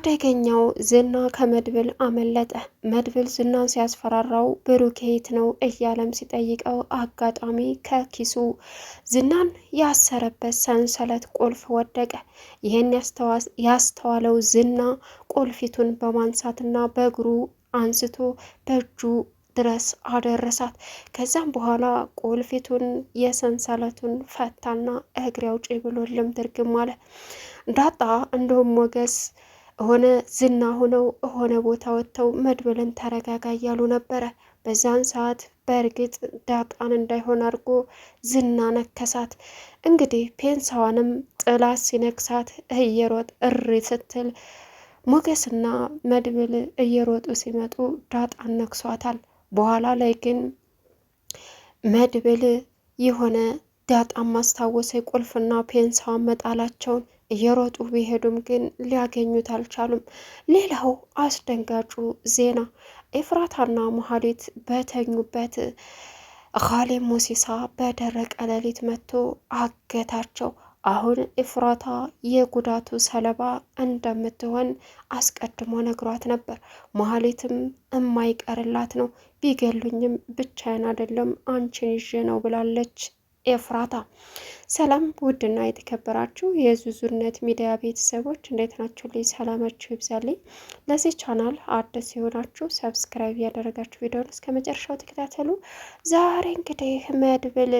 አደገኛው ዝና ከመድብል አመለጠ። መድብል ዝናን ሲያስፈራራው ብሩኬ የት ነው እያለም ሲጠይቀው አጋጣሚ ከኪሱ ዝናን ያሰረበት ሰንሰለት ቁልፍ ወደቀ። ይህን ያስተዋለው ዝና ቁልፊቱን በማንሳትና በእግሩ አንስቶ በእጁ ድረስ አደረሳት። ከዛም በኋላ ቁልፊቱን የሰንሰለቱን ፈታና እግሬ አውጪ ብሎ ልም ድርግም አለ። ዳጣ እንደውም ሞገስ ሆነ ዝና ሆነው ሆነ ቦታ ወጥተው መድብልን ተረጋጋ እያሉ ነበረ። በዛን ሰዓት በእርግጥ ዳጣን እንዳይሆን አድርጎ ዝና ነከሳት። እንግዲህ ፔንሳዋንም ጥላ ሲነክሳት እየሮጥ እሪ ስትል ሞገስና መድብል እየሮጡ ሲመጡ ዳጣን ነክሷታል። በኋላ ላይ ግን መድብል የሆነ ዳጣን ማስታወሰ ቁልፍና ፔንሳዋን መጣላቸውን እየሮጡ ቢሄዱም ግን ሊያገኙት አልቻሉም። ሌላው አስደንጋጩ ዜና ኤፍራታና መሀሌት በተኙበት ኻሌ ሙሲሳ በደረቀ ሌሊት መጥቶ አገታቸው። አሁን ኤፍራታ የጉዳቱ ሰለባ እንደምትሆን አስቀድሞ ነግሯት ነበር። መሀሌትም እማይቀርላት ነው ቢገሉኝም ብቻዬን አይደለም አንቺን ይዤ ነው ብላለች። ኤፍራታ። ሰላም ውድና የተከበራችሁ የዙዙነት ሚዲያ ቤተሰቦች እንዴት ናችሁ? ልይ ሰላማችሁ ይብዛልኝ። ለዚህ ቻናል አዲስ የሆናችሁ ሰብስክራይብ ያደረጋችሁ ቪዲዮን እስከ መጨረሻው ተከታተሉ። ዛሬ እንግዲህ መድብል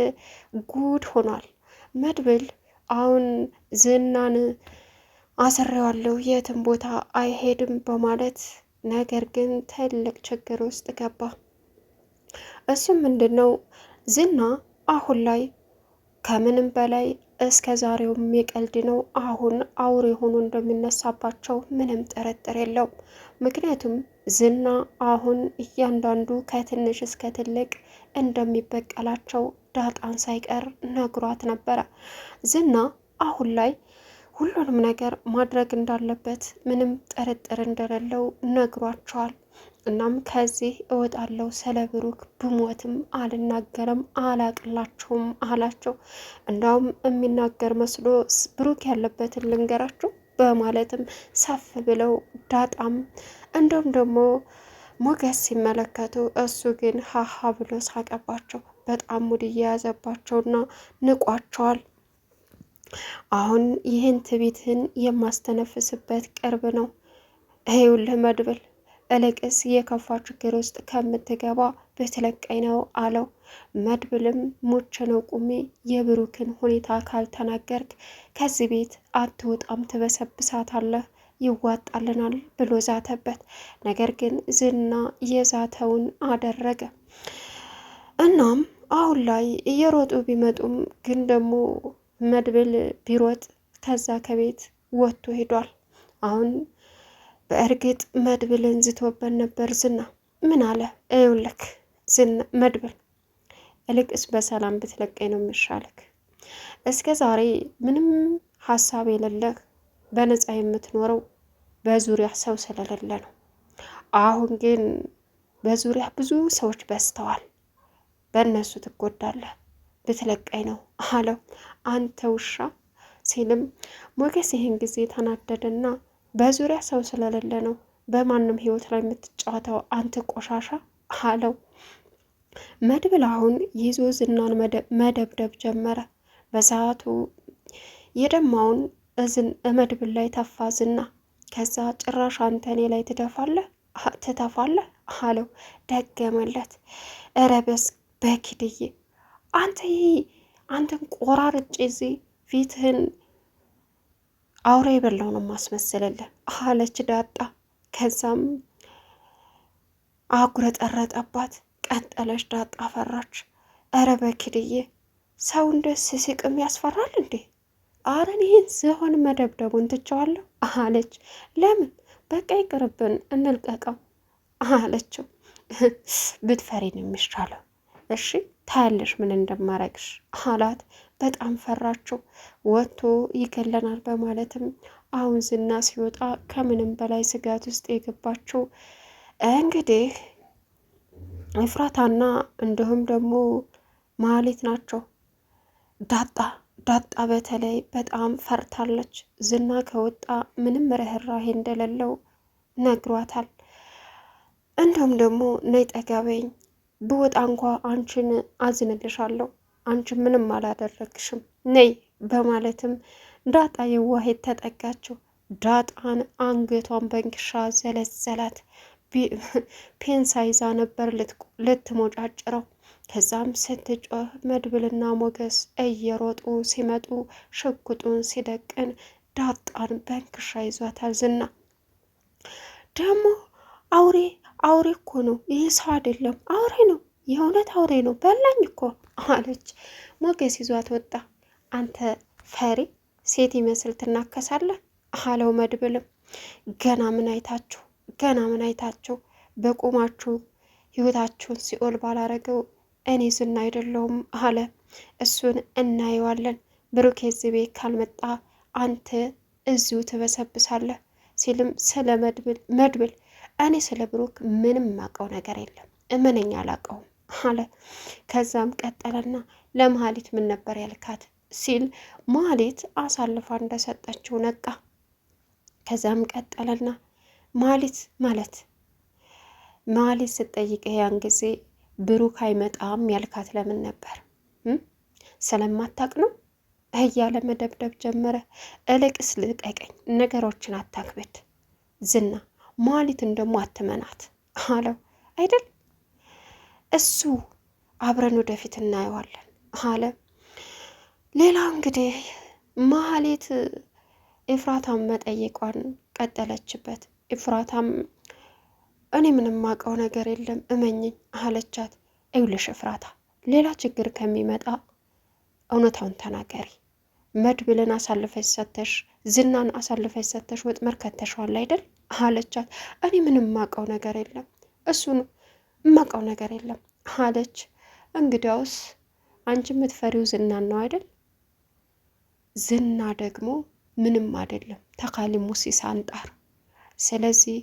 ጉድ ሆኗል። መድብል አሁን ዝናን አስሬዋለሁ የትም ቦታ አይሄድም በማለት ነገር ግን ትልቅ ችግር ውስጥ ገባ። እሱም ምንድን ነው ዝና አሁን ላይ ከምንም በላይ እስከ ዛሬውም የቀልድ ነው። አሁን አውሬ ሆኖ እንደሚነሳባቸው ምንም ጥርጥር የለውም። ምክንያቱም ዝና አሁን እያንዳንዱ ከትንሽ እስከ ትልቅ እንደሚበቀላቸው ዳጣን ሳይቀር ነግሯት ነበረ። ዝና አሁን ላይ ሁሉንም ነገር ማድረግ እንዳለበት ምንም ጥርጥር እንደሌለው ነግሯቸዋል። እናም ከዚህ እወጣለሁ፣ ስለ ብሩክ ብሞትም አልናገርም፣ አላቅላቸውም አላቸው። እንዳውም የሚናገር መስሎ ብሩክ ያለበትን ልንገራቸው በማለትም ሰፍ ብለው ዳጣም እንዲሁም ደግሞ ሞገስ ሲመለከቱ እሱ ግን ሀሀ ብሎ ሳቀባቸው። በጣም ሙድ እየያዘባቸውና ንቋቸዋል። አሁን ይህን ትቢትን የማስተነፍስበት ቅርብ ነው። ይኸውልህ መድብል እልቅስ የከፋ ችግር ውስጥ ከምትገባ ብትለቀኝ ነው አለው። መድብልም ሙች ነው ቁሜ የብሩክን ሁኔታ ካልተናገርክ ከዚህ ቤት አትወጣም፣ ትበሰብሳታለህ፣ ይዋጣልናል ብሎ ዛተበት። ነገር ግን ዝና የዛተውን አደረገ። እናም አሁን ላይ እየሮጡ ቢመጡም ግን ደግሞ መድብል ቢሮጥ ከዛ ከቤት ወጥቶ ሄዷል አሁን በእርግጥ መድብልን ዝቶበት ነበር ዝና። ምን አለ እውልክ ዝና መድብል እልቅስ በሰላም ብትለቀኝ ነው የሚሻልክ። እስከ ዛሬ ምንም ሀሳብ የሌለህ በነፃ የምትኖረው በዙሪያ ሰው ስለሌለ ነው። አሁን ግን በዙሪያ ብዙ ሰዎች በዝተዋል። በእነሱ ትጎዳለህ፣ ብትለቀኝ ነው አለው። አንተ ውሻ ሲልም ሞገስ ይህን ጊዜ ተናደደና በዙሪያ ሰው ስለሌለ ነው በማንም ህይወት ላይ የምትጫወተው አንተ ቆሻሻ አለው። መድብል አሁን ይዞ ዝናን መደብደብ ጀመረ። በሰዓቱ የደማውን እዝን መድብል ላይ ተፋ ዝና። ከዛ ጭራሽ አንተ እኔ ላይ ትደፋለህ ትተፋለህ አለው። ደገመለት። እረበስ በኪድዬ አንተ አንተን ቆራርጬ እዚህ ፊትህን አውሬ የበላው ነው ማስመሰለለ አለች ዳጣ። ከዛም አጉረጠረጠባት። ቀጠለች ዳጣ ፈራች። እረ በኪድዬ ሰው እንደ ሲስቅም ያስፈራል እንዴ? አረን ይህን ዝሆን መደብደቡን ትቸዋለሁ አለች። ለምን በቃ ይቅርብን እንልቀቀው አለችው። ብትፈሪ ነው የሚሻለው። እሺ ታያለሽ ምን እንደማረግሽ አላት። በጣም ፈራቸው። ወጥቶ ይገለናል በማለትም አሁን ዝና ሲወጣ ከምንም በላይ ስጋት ውስጥ የገባቸው እንግዲህ እፍራታና እንዲሁም ደግሞ ማሌት ናቸው። ዳጣ ዳጣ በተለይ በጣም ፈርታለች። ዝና ከወጣ ምንም ርኅራሄ እንደሌለው ነግሯታል። እንዲሁም ደግሞ ነይ ጠጋ ብወጣ እንኳ አንቺን አዝንልሻለሁ አንቺ ምንም አላደረግሽም ነይ በማለትም ዳጣ የዋሄ ተጠጋችው። ዳጣን አንገቷን በእንክሻ ዘለዘላት። ፔንሳ ይዛ ነበር ልትሞጫጭረው። ከዛም ስትጮህ መድብልና ሞገስ እየሮጡ ሲመጡ ሽጉጡን ሲደቅን ዳጣን በእንክሻ ይዟታል። ዝና ደግሞ አውሬ አውሬ እኮ ነው፣ ይህ ሰው አይደለም አውሬ ነው የእውነት አውሬ ነው በላኝ እኮ አለች። ሞገስ ይዟት ወጣ። አንተ ፈሪ ሴት ይመስል ትናከሳለህ አለው መድብልም። ገና ምን አይታችሁ ገና ምን አይታችሁ በቁማችሁ ህይወታችሁን ሲኦል ባላረገው እኔ ዝና አይደለሁም አለ። እሱን እናየዋለን ብሩኬ ዝቤ ካልመጣ አንተ እዚሁ ትበሰብሳለህ ሲልም ስለ መድብል መድብል እኔ ስለ ብሩክ ምንም ማቀው ነገር የለም እመነኛ አላቀውም አለ። ከዛም ቀጠለና ለመሀሊት ምን ነበር ያልካት ሲል መሀሊት አሳልፋ እንደሰጠችው ነቃ። ከዛም ቀጠለና መሀሊት ማለት መሀሊት ስጠይቅ ያን ጊዜ ብሩክ አይመጣም ያልካት ለምን ነበር? ስለማታቅ ነው እያለ መደብደብ ጀመረ። እልቅስ ልቀቀኝ፣ ነገሮችን አታክብድ ዝና መሀሊትን ደግሞ አትመናት አለው አይደል እሱ አብረን ወደፊት እናየዋለን አለ። ሌላ እንግዲህ መሀሌት ኤፍራታም መጠየቋን ቀጠለችበት። ኤፍራታም እኔ ምንም ማቀው ነገር የለም እመኝኝ አለቻት። እውልሽ ኤፍራታ፣ ሌላ ችግር ከሚመጣ እውነታውን ተናገሪ። መድብልን አሳልፈሽ ሰተሽ፣ ዝናን አሳልፈሽ ሰተሽ ወጥመር ከተሸዋል አይደል አለቻት። እኔ ምንም ማቀው ነገር የለም እሱ ነው እማውቀው ነገር የለም አለች። እንግዲያውስ አንቺ የምትፈሪው ዝና ነው አይደል? ዝና ደግሞ ምንም አይደለም ተካሊሙ ሲሳ አንጣር። ስለዚህ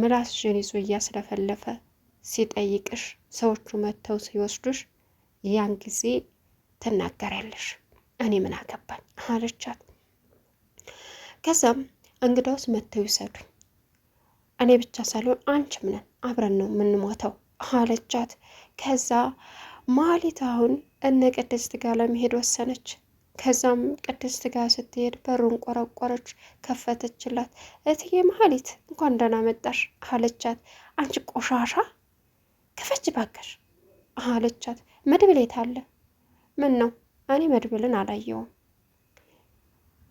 ምላስሽን ይዞ እያስለፈለፈ ሲጠይቅሽ ሰዎቹ መጥተው ሲወስዱሽ ያን ጊዜ ትናገሪያለሽ። እኔ ምን አገባኝ አለቻት። ከዛም እንግዳውስ መጥተው ይውሰዱኝ፣ እኔ ብቻ ሳልሆን አንቺም ነን አብረን ነው የምንሞተው አለቻት። ከዛ ማሊት አሁን እነ ቅድስት ጋር ለመሄድ ወሰነች። ከዛም ቅድስት ጋር ስትሄድ በሩን ቆረቆረች፣ ከፈተችላት። እትዬ መሀሊት እንኳን ደህና መጣሽ አለቻት። አንቺ ቆሻሻ ክፈች ባከሽ አለቻት። መድብል የት አለ? ምን ነው? እኔ መድብልን አላየውም።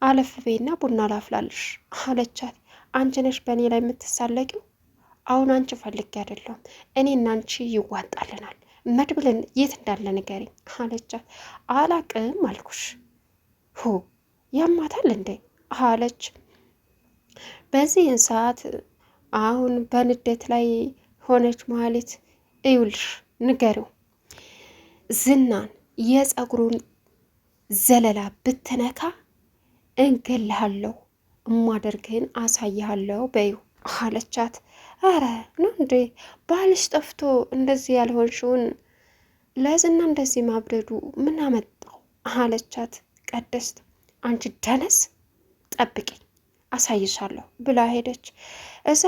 አለፍ ቤና ቡና ላፍላልሽ አለቻት። አንቺ ነሽ በእኔ ላይ የምትሳለቂው አሁን አንቺ ፈልጌ አይደለሁም እኔ እናንቺ አንቺ ይዋጣልናል። መድብልን የት እንዳለ ንገሪኝ አለቻት። አላቅም አልኩሽ። ሁ ያማታል እንዴ አለች። በዚህን ሰዓት አሁን በንዴት ላይ ሆነች ማለት እዩልሽ፣ ንገሪው ዝናን የጸጉሩን ዘለላ ብትነካ እንገልሃለሁ እማደርግህን አሳይሃለሁ በይው አለቻት። አረ ነው እንዴ ባልሽ ጠፍቶ እንደዚህ ያልሆንሽውን ለዝና እንደዚህ ማብደዱ ምን አመጣው? አለቻት ቅድስት። አንቺ ደነስ ጠብቂኝ አሳይሻለሁ ብላ ሄደች። እዛ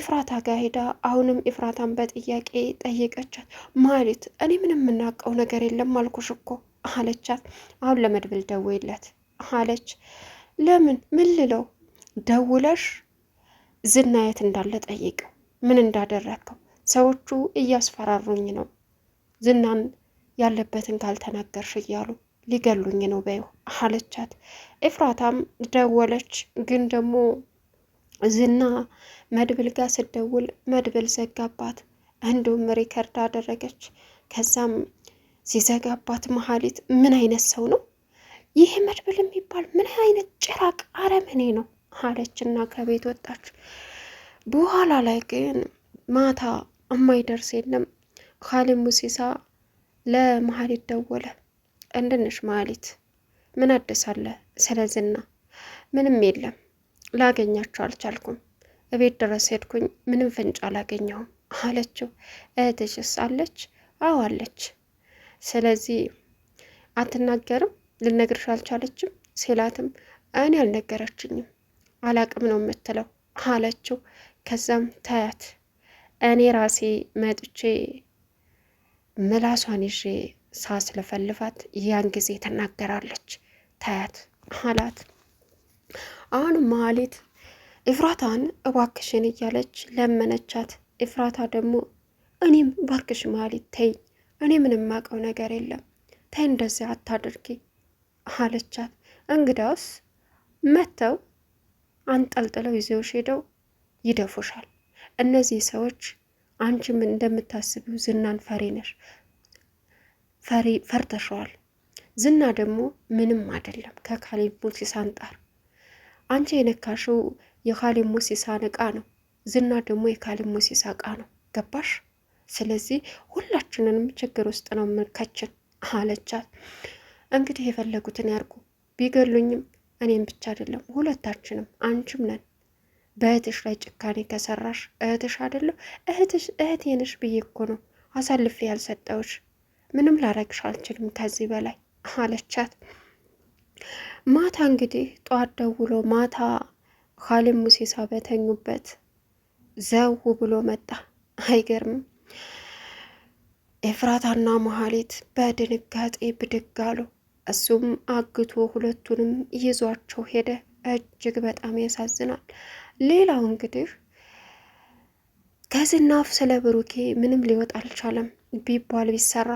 ኢፍራታ ጋር ሄዳ አሁንም ኢፍራታን በጥያቄ ጠየቀቻት። ማለት እኔ ምንም የምናውቀው ነገር የለም አልኩሽ እኮ አለቻት። አሁን ለመድብል ደውይለት አለች። ለምን ምን ልለው? ደውለሽ ዝና የት እንዳለ ጠይቀው ምን እንዳደረግከው ሰዎቹ እያስፈራሩኝ ነው፣ ዝናን ያለበትን ካልተናገርሽ እያሉ ሊገሉኝ ነው በይው አለቻት። ኤፍራታም ደወለች፣ ግን ደግሞ ዝና መድብል ጋር ስደውል መድብል ዘጋባት። እንዲሁም ሪከርድ አደረገች። ከዛም ሲዘጋባት መሀሊት ምን አይነት ሰው ነው ይህ መድብል የሚባል ምን አይነት ጭራቅ አረመኔ ነው አለችና ከቤት ወጣች። በኋላ ላይ ግን ማታ የማይደርስ የለም። ካሊብ ሙሲሳ ለመሀሊት ደወለ። እንድንሽ መሀሊት፣ ምን አዲስ አለ? ስለዝና ምንም የለም። ላገኛቸው አልቻልኩም። እቤት ድረስ ሄድኩኝ፣ ምንም ፍንጭ አላገኘሁም አለችው። እህትሽስ አለች? አዎ አለች። ስለዚህ አትናገርም? ልነግርሽ አልቻለችም ሲላትም እኔ አልነገረችኝም፣ አላቅም ነው የምትለው አለችው። ከዛም ታያት እኔ ራሴ መጥቼ ምላሷን ይዤ ሳስለፈልፋት ያን ጊዜ ትናገራለች ታያት አላት። አሁን መሀሌት እፍራታን እባክሽን እያለች ለመነቻት። እፍራታ ደግሞ እኔም ባክሽ መሀሌት ተይ፣ እኔ ምንም ማቀው ነገር የለም ተይ፣ እንደዚህ አታድርጊ አለቻት። እንግዳውስ መጥተው አንጠልጥለው ይዘውሽ ሄደው ይደፉሻል። እነዚህ ሰዎች አንቺም እንደምታስቢው ዝናን ፈሪ ነሽ ፈሪ ፈርተሸዋል። ዝና ደግሞ ምንም አይደለም ከካሌብ ሙሲሳ አንጻር አንቺ የነካሽው የካሌብ ሙሲሳን እቃ ነው። ዝና ደግሞ የካሌብ ሙሲሳ እቃ ነው። ገባሽ? ስለዚህ ሁላችንንም ችግር ውስጥ ነው ምከችን አለቻት። እንግዲህ የፈለጉትን ያርጉ ቢገሉኝም እኔም ብቻ አይደለም ሁለታችንም አንቺም ነን በእህትሽ ላይ ጭካኔ ከሰራሽ እህትሽ አይደለሁ እህትሽ እህቴ ነሽ ብዬ እኮ ነው አሳልፌ ያልሰጠውሽ። ምንም ላረግሽ አልችልም ከዚህ በላይ አለቻት። ማታ እንግዲህ ጠዋት ደውሎ ማታ ኻሊብ ሙሴሳ በተኙበት ዘው ብሎ መጣ። አይገርምም? ኤፍራታና መሀሌት በድንጋጤ ብድግ አሉ። እሱም አግቶ ሁለቱንም ይዟቸው ሄደ። እጅግ በጣም ያሳዝናል። ሌላው እንግዲህ ከዝና ስለ ብሩኬ ምንም ሊወጣ አልቻለም። ቢባል ቢሰራ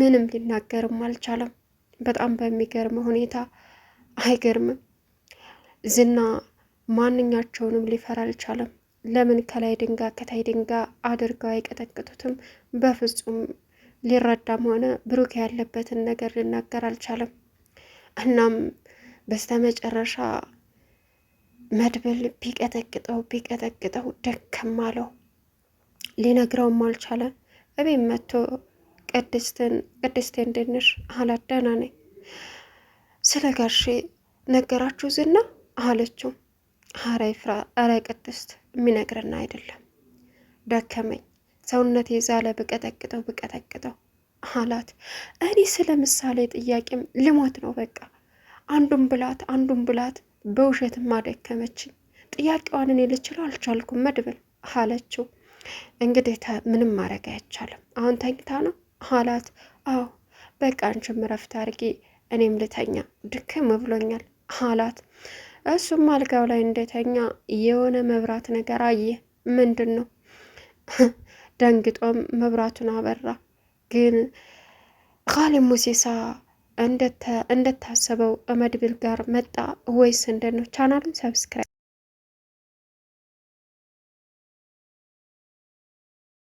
ምንም ሊናገርም አልቻለም። በጣም በሚገርም ሁኔታ አይገርምም። ዝና ማንኛቸውንም ሊፈራ አልቻለም። ለምን ከላይ ድንጋ ከታይ ድንጋ አድርገው አይቀጠቅጡትም? በፍጹም ሊረዳም ሆነ ብሩኬ ያለበትን ነገር ሊናገር አልቻለም። እናም በስተመጨረሻ መድብል ቢቀጠቅጠው ቢቀጠቅጠው ደከም አለው። ሊነግረውም አልቻለ። እቤት መጥቶ ቅድስትን ቅድስቴን ድንሽ አላት። ደህና ነኝ ስለ ጋሼ ነገራችሁ ዝና አለችው። አረ ይፍራ፣ አረ ቅድስት የሚነግረን አይደለም ደከመኝ፣ ሰውነት የዛለ ብቀጠቅጠው ብቀጠቅጠው አላት። እኔ ስለ ምሳሌ ጥያቄም ልሞት ነው በቃ አንዱን ብላት አንዱን ብላት በውሸትም አደከመችኝ። ጥያቄዋን እኔ ልችለው አልቻልኩም መድብል አለችው። እንግዲህ ምንም ማድረግ አይቻልም። አሁን ተኝታ ነው አላት። አዎ በቃ አንቺም እረፍት አድርጊ፣ እኔም ልተኛ ድክም ብሎኛል አላት። እሱም አልጋው ላይ እንደተኛ የሆነ መብራት ነገር አየ። ምንድን ነው? ደንግጦም መብራቱን አበራ። ግን ኻሊብ ሙሲሳ እንደታሰበው መድብል ጋር መጣ ወይስ እንደነው? ቻናሉን ሰብስክራይብ